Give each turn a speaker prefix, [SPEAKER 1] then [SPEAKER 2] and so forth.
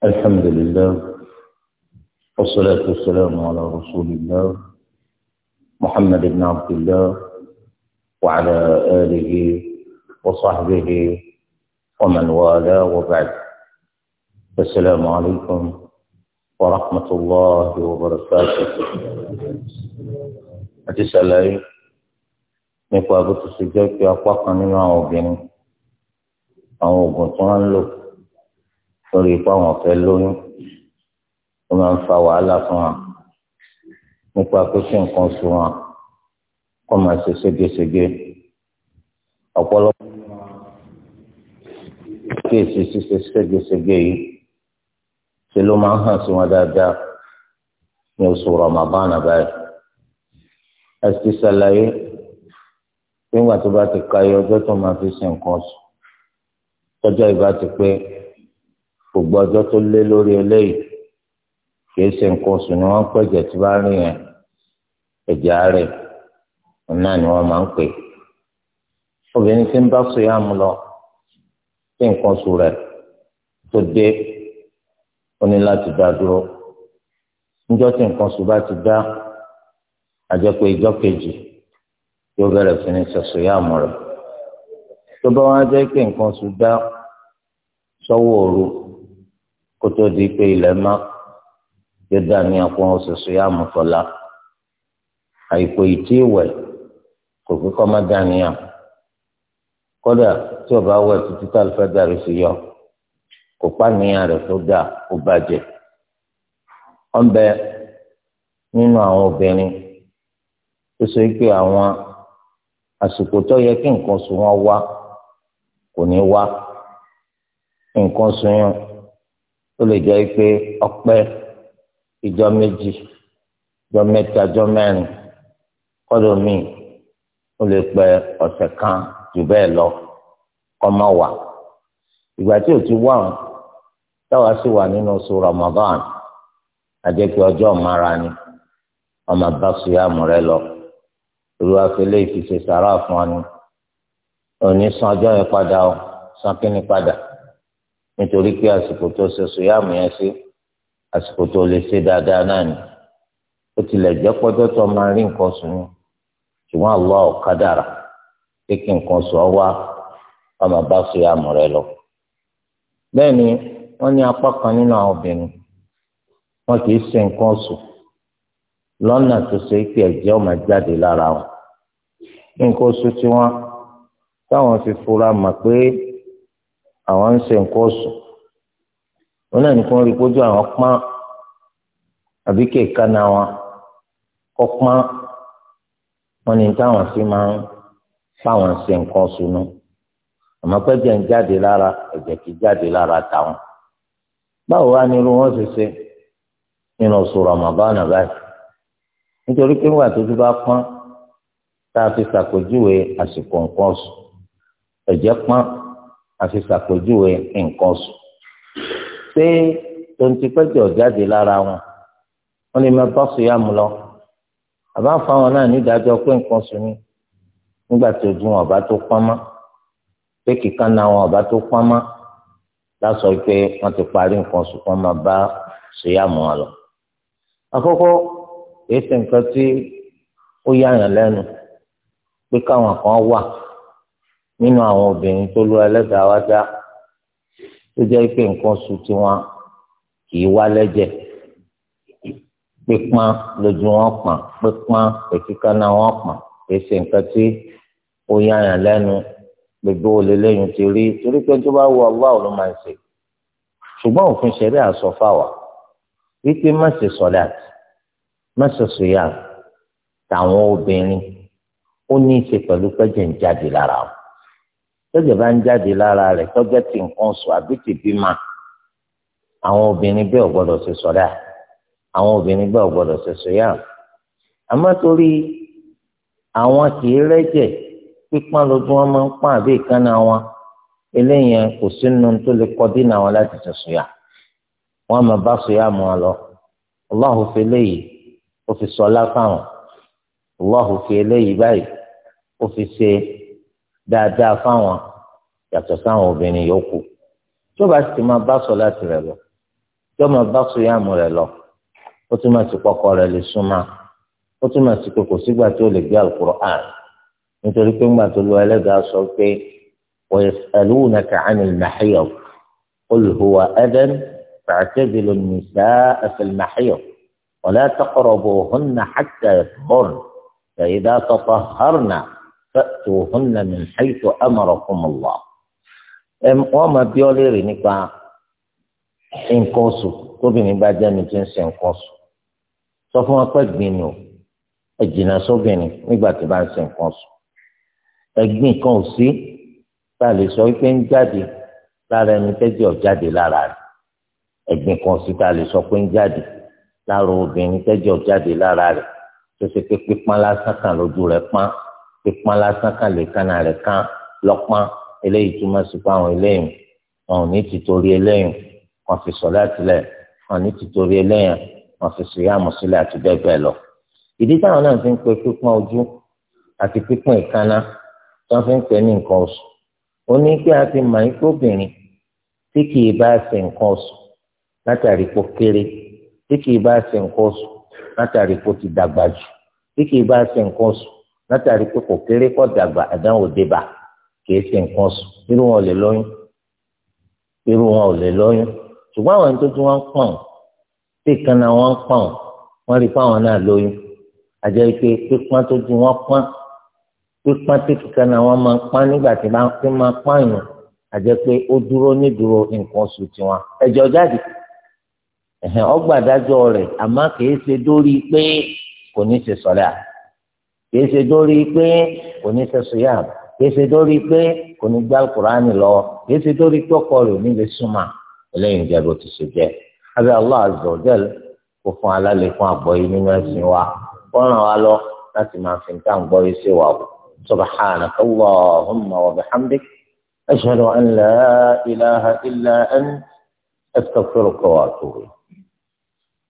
[SPEAKER 1] الحمد لله والصلاة والسلام على رسول الله محمد بن عبد الله وعلى آله وصحبه ومن والاه وبعد السلام عليكم ورحمة الله وبركاته أتسألي نقابة بتسجيك يا أخوة أو أوبين أو بطان لك torí ipá wọn fẹ́ lóyún ó máa ń fa wàhálà fún wọn nípa pé kí nǹkan oṣù wọn kó máa ṣe ségesège ọ̀pọ̀lọpọ̀ kí èsì ṣíṣe ségesège yìí ṣe ló máa ń hàn sí wọn dáadáa ní oṣù Ramadan báyìí ẹ ti ṣàlàyé nígbà tó bá ti ka iye ọjọ́ tó máa fi ṣe nǹkan oṣù tọ́jọ́ ìbá ti pé gbogbo ọjọ́ tó lé lórí eléyìí kì í ṣe nǹkan oṣù ni wọ́n pẹ̀jẹ̀ tí bá rìn yẹn ẹ̀jẹ̀ àárẹ̀ náà ni wọ́n máa ń pè obìnrin tí ń bá sọ yá mu lọ tí nǹkan oṣù rẹ̀ tó dé ó ní láti dá dúró níjọ́ tí nǹkan oṣù bá ti dá àjẹpọ̀ ìjọ́ kejì yóò bẹ̀rẹ̀ sí ní sọ̀sọ̀ yá mu tó bá wọn jẹ́ pé nǹkan oṣù dá sọ́wọ́ òru kótó di pé ilẹ̀ má yóò dá ní apọ̀ ṣoṣo yá mọ̀tọ́lá àìpò ìtí ìwẹ̀ kò fi kọ́ má dá níyà kódà tí o bá wẹ̀ títí tá a lè fẹ́ dàrí sí yọ kò pa níyà rẹ̀ tó dà ó bàjẹ́ wọ́n bẹ nínú àwọn obìnrin tó ṣe pé àwọn àsìkò tó yẹ kí nǹkan sùn wọn wá kò ní wá nǹkan sùn yẹn ó lè jẹ́ pé ọpẹ́ ìjọ méjì jọ mẹ́ta jọ mẹ́rin kọ́dọ̀ míì ó lè pẹ́ ọ̀sẹ̀ kan jù bẹ́ẹ̀ lọ kọ́ má wà ìgbà tí ò ti wà ọ́n táwa sì wà nínú oṣù Ramadan àjẹpẹ́ ọjọ́ ọ̀mára ni ọmọ bá sùyàmù rẹ lọ olúwa fẹlẹ ìfisẹ sàrà fún ọ ni òní san ọjọ́ yẹn padà ọ san kínní padà nítorí pé àsìkò tó ṣe sòyàmù yẹn sí àsìkò tó lè ṣe dáadáa náà ni ó tilẹ̀ jẹ́ pọ́jọ́ tó máa rí nǹkan sùn ní ṣùgbọ́n Allah kádàrá pé kí nǹkan sùn ọ́ wá wọ́n máa bá sòyàmù rẹ lọ. bẹ́ẹ̀ ni wọ́n ní apá kan nínú àwọn obìnrin wọn kì í ṣe nǹkan sùn lọ́nà tó ṣe pé ẹ̀jẹ̀ ọmọ jáde lára wọn nǹkan oṣù tí wọ́n táwọn fi fura mọ̀ pé àwọn ń ṣe nǹkan oṣù wọn náà ní kí wọn rí pójú àwọn pọ́n àbí kéèká náà wọn kọ́ pọ́n wọn ní táwọn sì máa ń fáwọn ṣe nǹkan oṣù nù àmọ́ pẹ́jẹ́ ń jáde lára ẹ̀jẹ̀ kì í jáde lára táwọn báwo wá ní irú wọn ṣe ṣe nínú oṣù Ramadan báyìí nítorí pé ńgbà tó bá pọ́n tá a fi ṣàpèjúwe àsìkò nǹkan oṣù ẹ̀jẹ̀ pọ́n àfi ṣàpèjúwe nǹkan sùn ṣé tontipẹ́jọ jáde lára wọn wọ́n lè máa bá sùyàmù lọ àbá fáwọn náà nídàájọ́ pé nǹkan sùn ni nígbà tí ojú wọn ọba tó pamọ́ pé kíkan náà wọn ọba tó pamọ́ lásọ pé wọ́n ti parí nǹkan sùn kó máa bá sùyàmù wọn lọ. àkọ́kọ́ èyí ti nǹkan tí ó yáyàn lẹ́nu pé káwọn kan wà nínú àwọn obìnrin tó lọ ẹlẹ́dàá wá dá tó jẹ́ pé nǹkan oṣù tiwọn kì í wá lẹ́jẹ̀ pípọ́n lójú wọn pọ́n pípọ́n èkíkánná wọn pọ́n èsì nǹkan tí ó yáyàn lẹ́nu gbogbo olè lẹ́yìn ti rí torí pé tó bá wọ ọlọ́ ọ̀run máa ń ṣe ṣùgbọ́n òfin ṣẹ̀rí àsọfáwà wípé má ṣe sọ̀dáàtì má ṣe sùyà táwọn obìnrin ó ní í ṣe pẹ̀lú pẹ́jẹ̀ ń jáde lára wọn tẹ́jẹ̀ bá ń jáde lára rẹ̀ tọ́jẹ́ tí nǹkan sùn àbí tí bímọ àwọn obìnrin bẹ́ẹ̀ ò gbọ́dọ̀ ṣe sọ̀dá àwọn obìnrin bẹ́ẹ̀ ò gbọ́dọ̀ ṣe sọ̀yà àmọ́ torí àwọn kìí rẹ́jẹ̀ pípọ́n lójú wọn máa ń pọ́n àbí ìkànnà wọn eléyìí kò sínú tó lè kọ́ dínà wọn láti ṣe sọ̀yà wọn máa bá sọ̀yà mu wọn lọ Allahu fi eléyìí ó fi sọ fáwọn Allahu fi eléyìí báyìí ó fi ṣe dáadáa fáwọn yàtọ̀ sáwọn obìnrin yòókù tó bá sì máa bá sọ láti rẹ̀ lọ tó máa bá sọ yàmù rẹ̀ lọ ó tún máa ti kọkọ rẹ̀ lè súnmọ́ ó tún máa ti pé kò sígbà tí ó lè gbé Al-Qur'an nítorí pé ńgbà tó lọ ẹlẹ́gàá sọ pé ويسألونك عن المحيض قل هو أذى فاعتزلوا النساء في المحيض ولا تقربوهن حتى يطهرن فإذا تطهرن fa'tuhunna min haythu amarakumullah wọ́n máa bí ọ́ léèrè nípa nǹkan oṣù tóbìnrin bá jẹ́ ẹni tí ń ṣe nǹkan oṣù sọ fún wọn pé gbìn ni o ẹ jìnnà sóbìnrin nígbà tí bá ń ṣe nǹkan oṣù ẹ̀gbin kan ò sí tá a lè sọ wípé ń jáde lára ẹni tẹ́jẹ̀ ọ̀ jáde lára rẹ̀ ẹ̀gbin kan ò sí tá a lè sọ pé ń jáde lára obìnrin tẹ́jẹ̀ ọ̀ jáde lára rẹ̀ tó ṣe pé pípọ́n lásán kan lójú rẹ̀ pọ́n pípọn lásán kan lè kan náà rẹ̀ kan lọ́pọ́n eléyìí túmọ̀ sí pé àwọn eléyìí wọn ò ní tìtorí eléyìí wọn fi sọ̀lá tilẹ̀ wọn ò ní tìtorí eléyìí wọn fi síyàmù sílẹ̀ àti bẹ́ẹ̀ bẹ́ẹ̀ lọ. ìdí táwọn náà fi ń pe pípọn ojú àti pípọn ìkánná tí wọ́n fi ń pè ní nǹkan oṣù ó ní pé a ti mọ̀ ní kóbìnrin tí kì í bá ṣe nǹkan oṣù látàrí kó kéré tí kì bá ṣe nǹkan oṣù látàrí kó ti dàgbà jù tí kì bá ṣe nǹkan oṣù látàrí pé kò kéré kọ́ dàgbà àdánwò débà kìí ṣe nǹkan sùn irú wọn ò lè lóyún irú wọn ò lè lóyún ṣùgbọ́n àwọn tó tún wọ́n ń pọ̀n tí kan náà wọ́n ń pọ̀n wọ́n rí fáwọn náà lóyún àjẹ́ pé pípọ́n tó ju wọ́n pọ́n pípọ́n tí kan náà wọ́n máa ń pọ́n nígbà tí wọ́n máa ń pọ́n yàn àjẹ́ pé ó dúró nídúró nǹkan sùn tiwọn ẹ̀jọ̀ jáde ọgbàdájọ́ rẹ̀ àmọ́ kìí ṣe dórí pé kò ní ṣe sọ̀rọ̀ kìí ṣe dórí pé kò ní sẹ́sọ yá kìí ṣe dórí pé kò ní gbá kúránì lọ kìí ṣe dórí pé ọkọ rẹ̀ ò ní lè súnmọ́ eléyìí jẹ́ bó ti ṣe jẹ́ abẹ́ Allah azza wa jal kó fún alálẹ̀ fún àgbọ̀yé nínú ẹ̀sìn wa kó ràn wá lọ láti máa fi nǹkan gbọ́yé sí wa subhanaka Allahumma wa bihamdik ashhadu an la ilaha illa anta astaghfiruka wa atubu ilayk.